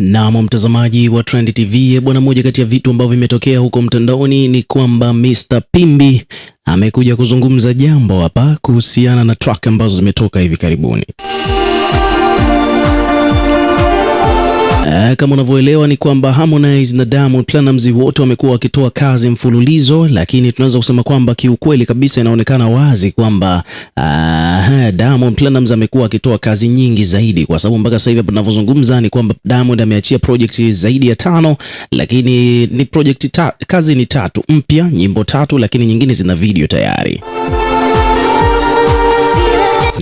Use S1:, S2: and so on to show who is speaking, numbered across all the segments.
S1: Naam, mtazamaji wa Trend TV bwana, moja kati ya vitu ambavyo vimetokea huko mtandaoni ni kwamba Mr Pimbi amekuja kuzungumza jambo hapa kuhusiana na track ambazo zimetoka hivi karibuni kama unavyoelewa ni kwamba Harmonize na Diamond Platnumz wote wamekuwa wakitoa kazi mfululizo, lakini tunaweza kusema kwamba kiukweli kabisa inaonekana wazi kwamba uh, Diamond Platnumz amekuwa akitoa kazi nyingi zaidi, kwa sababu mpaka sasa hivi tunavyozungumza ni kwamba Diamond ameachia project zaidi ya tano, lakini ni project ta, kazi ni tatu mpya, nyimbo tatu, lakini nyingine zina video tayari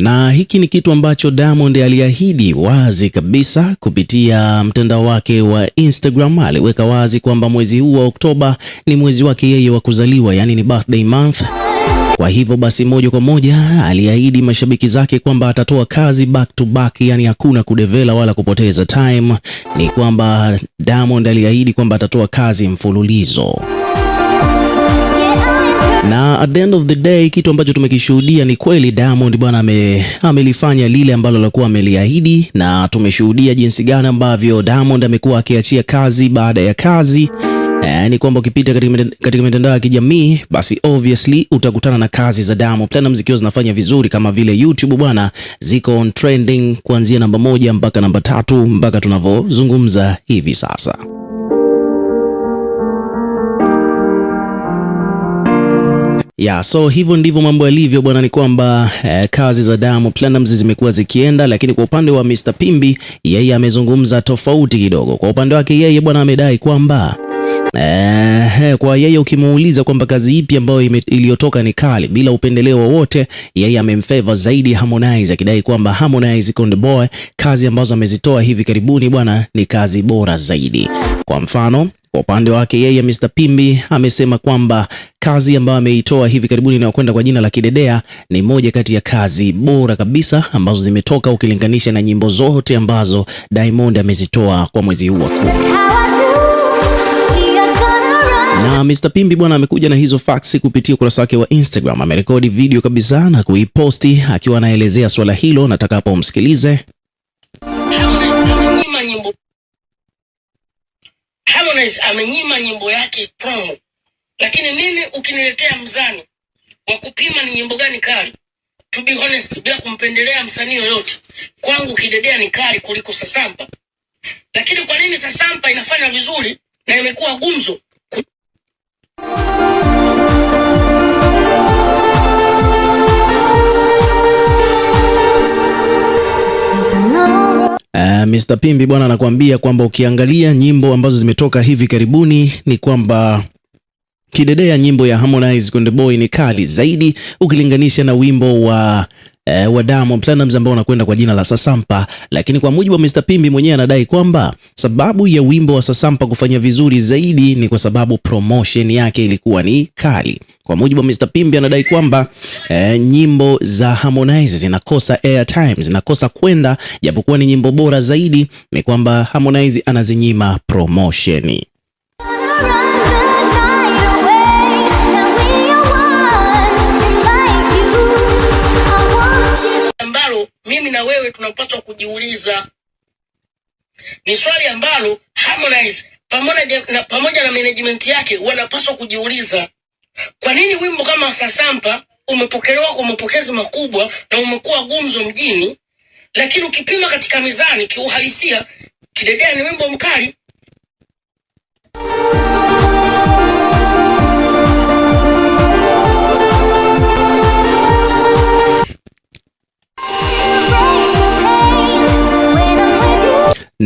S1: na hiki ni kitu ambacho Diamond aliahidi wazi kabisa kupitia mtandao wake wa Instagram. Aliweka wazi kwamba mwezi huu wa Oktoba ni mwezi wake yeye wa kuzaliwa, yani ni birthday month. Kwa hivyo basi, moja kwa moja aliahidi mashabiki zake kwamba atatoa kazi back to back, yani hakuna kudevela wala kupoteza time. Ni kwamba Diamond aliahidi kwamba atatoa kazi mfululizo na at the end of the day kitu ambacho tumekishuhudia ni kweli Diamond bwana ame, amelifanya lile ambalo alikuwa ameliahidi, na tumeshuhudia jinsi gani ambavyo Diamond amekuwa akiachia kazi baada ya kazi. E, ni kwamba ukipita katika mitandao ya kijamii basi obviously utakutana na kazi za Diamond Platnumz zikiwa zinafanya vizuri kama vile YouTube bwana, ziko on trending kuanzia namba moja mpaka namba tatu mpaka tunavyozungumza hivi sasa. Ya, so hivyo ndivyo mambo yalivyo bwana, ni kwamba eh, kazi za Diamond Platnumz zimekuwa zikienda, lakini kwa upande wa Mr Pimbi yeye amezungumza tofauti kidogo. Kwa upande wake yeye bwana amedai kwamba Eh, eh kwa yeye ukimuuliza kwamba kazi ipi ambayo iliyotoka ni kali bila upendeleo wowote, yeye amemfavor zaidi Harmonize, akidai kwamba Harmonize Konde Boy kazi ambazo amezitoa hivi karibuni bwana ni kazi bora zaidi. Kwa mfano kwa upande wake yeye Mr. Pimbi amesema kwamba kazi ambayo ameitoa hivi karibuni inayokwenda kwa jina la Kidedea ni moja kati ya kazi bora kabisa ambazo zimetoka ukilinganisha na nyimbo zote ambazo Diamond amezitoa kwa mwezi huu wa kumi. Na Mr. Pimbi bwana amekuja na hizo facts kupitia ukurasa wake wa Instagram. Amerekodi video kabisa na kuiposti akiwa anaelezea swala hilo, nataka hapo umsikilize. Harmonize amenyima nyimbo yake promo, lakini mimi ukiniletea mzani wa kupima ni nyimbo gani kali, to be honest, bila kumpendelea msanii yoyote, kwangu Kidedea ni kali kuliko Sasampa. Lakini kwa nini Sasampa inafanya vizuri na imekuwa gumzo? Uh, eh, Mr. Pimbi bwana anakuambia kwamba ukiangalia nyimbo ambazo zimetoka hivi karibuni ni kwamba kidedea nyimbo ya Harmonize Konde Boy ni kali zaidi ukilinganisha na wimbo wa e, wa Diamond Platnumz ambao unakwenda kwa jina la Sasampa. Lakini kwa mujibu wa Mr Pimbi mwenyewe anadai kwamba sababu ya wimbo wa Sasampa kufanya vizuri zaidi ni kwa sababu promotion yake ilikuwa ni kali. Kwa mujibu wa Mr Pimbi anadai kwamba e, nyimbo za Harmonize zinakosa airtime, zinakosa kwenda, japokuwa ni nyimbo bora zaidi, ni kwamba Harmonize anazinyima promotion. na wewe tunapaswa kujiuliza. Ni swali ambalo Harmonize pamoja na, pamoja na management yake wanapaswa kujiuliza, kwa nini wimbo kama Sasampa umepokelewa kwa mapokezi makubwa na umekuwa gumzo mjini, lakini ukipima katika mizani kiuhalisia, Kidedea ni wimbo mkali.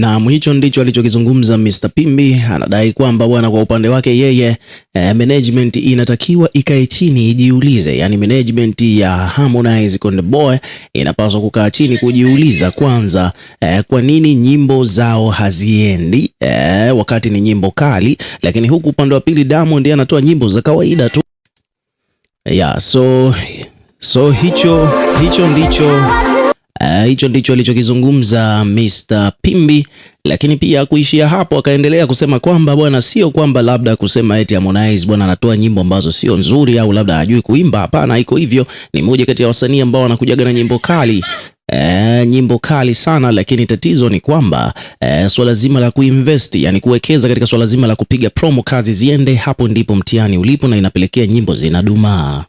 S1: Naam, hicho ndicho alichokizungumza Mr. Pimbi. Anadai kwamba bwana, kwa upande wake yeye eh, management inatakiwa ikae chini ijiulize, yani management ya Harmonize Konde Boy inapaswa kukaa chini kujiuliza kwanza, eh, kwa nini nyimbo zao haziendi eh, wakati ni nyimbo kali, lakini huku upande wa pili ndiye anatoa nyimbo za kawaida tu. Yeah, so so hicho hicho ndicho Eh, hicho uh, ndicho alichokizungumza Mr Pimbi, lakini pia kuishia hapo, akaendelea kusema kwamba bwana, sio kwamba labda kusema eti Harmonize bwana anatoa nyimbo ambazo sio nzuri au labda hajui kuimba. Hapana, iko hivyo. Ni moja kati ya wasanii ambao wanakujaga na nyimbo kali E, nyimbo kali sana, lakini tatizo ni kwamba e, swala zima la kuinvest, yani kuwekeza katika swala zima la kupiga promo, kazi ziende, hapo ndipo mtihani ulipo, na inapelekea nyimbo zinadumaa.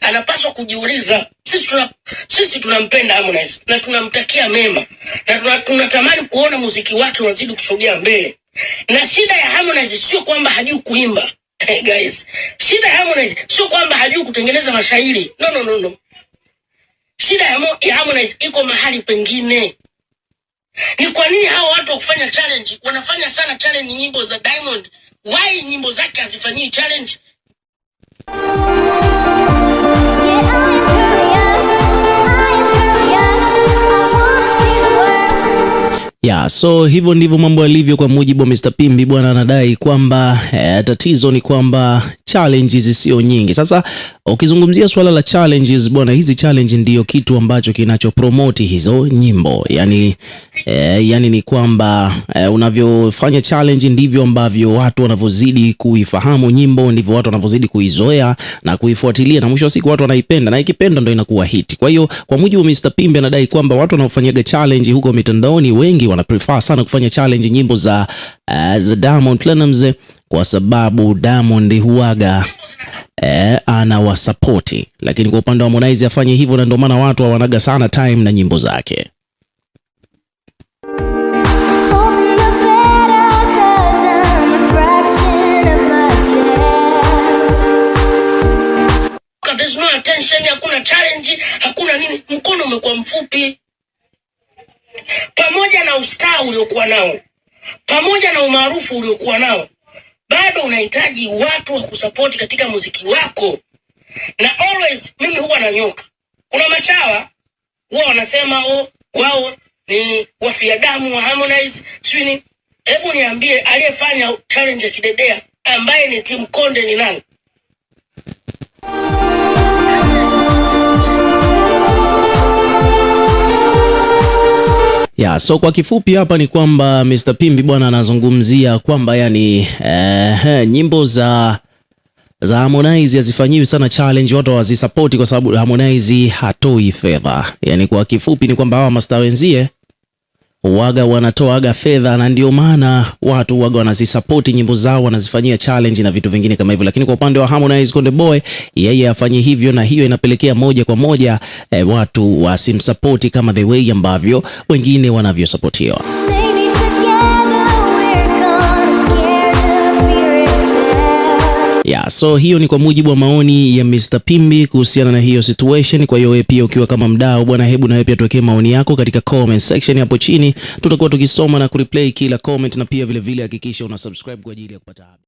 S1: Harmonize anapaswa kujiuliza. Sisi tuna, sisi tunampenda Harmonize na tunamtakia mema na tunatamani kuona muziki wake unazidi kusogea mbele, na shida ya Harmonize sio kwamba hajui kuimba. Hey guys, shida ya Harmonize sio kwamba hajui kutengeneza mashairi no, no, no, no. Shida ya Harmonize iko mahali pengine. Ni kwa nini hao watu wa kufanya challenge wanafanya sana challenge nyimbo za Diamond? Why nyimbo zake hazifanyii challenge? we Yeah, so hivyo ndivyo mambo yalivyo kwa mujibu wa Mr Pimbi bwana, anadai kwamba eh, tatizo ni kwamba challenges sio nyingi. Sasa ukizungumzia swala la challenges bwana, hizi challenge ndiyo kitu ambacho kinacho promote hizo nyimbo yani, eh, yani ni kwamba eh, unavyofanya challenge ndivyo ambavyo watu wanavyozidi kuifahamu nyimbo, ndivyo watu wanavyozidi kuizoea na kuifuatilia, na mwisho wa siku watu wanaipenda, na ikipenda ndio inakuwa hit. Kwa hiyo kwa mujibu wa Mr Pimbi anadai kwamba watu wanaofanyaga challenge huko mitandaoni wengi wana prefer sana kufanya challenge nyimbo za, uh, za Diamond Platnumz kwa sababu Diamond huaga eh, anawasapoti, lakini kwa upande wa Harmonize afanye hivyo, na ndio maana watu hawanaga sana time na nyimbo zake. hakuna challenge, hakuna nini, mkono umekuwa mfupi pamoja na ustaa uliokuwa nao, pamoja na umaarufu uliokuwa nao, bado unahitaji watu wa kusapoti katika muziki wako. Na always mimi huwa nanyoka, kuna machawa huwa wanasema o, oh, wao ni wafia damu wa Harmonize swini. Hebu niambie aliyefanya challenge ya kidedea ambaye ni Tim Konde ni nani? Ya, so kwa kifupi hapa ni kwamba Mr Pimbi bwana anazungumzia kwamba yani eh, nyimbo za za Harmonize hazifanyiwi sana challenge, watu hawazisapoti kwa sababu Harmonize hatoi fedha. Yani kwa kifupi ni kwamba hawa mastaa wenzie waga wanatoaga fedha, na ndio maana watu waga wanazisapoti nyimbo zao, wanazifanyia challenge na vitu vingine kama hivyo. Lakini kwa upande wa Harmonize Konde Boy, yeye afanye hivyo, na hiyo inapelekea moja kwa moja eh, watu wasimsapoti kama the way ambavyo wengine wanavyosapotiwa. Yeah, so hiyo ni kwa mujibu wa maoni ya Mr. Pimbi kuhusiana na hiyo situation. Kwa hiyo wewe pia ukiwa kama mdau bwana, hebu na wewe pia tuwekee maoni yako katika comment section hapo chini, tutakuwa tukisoma na kureplay kila comment, na pia vilevile hakikisha una subscribe kwa ajili ya kupata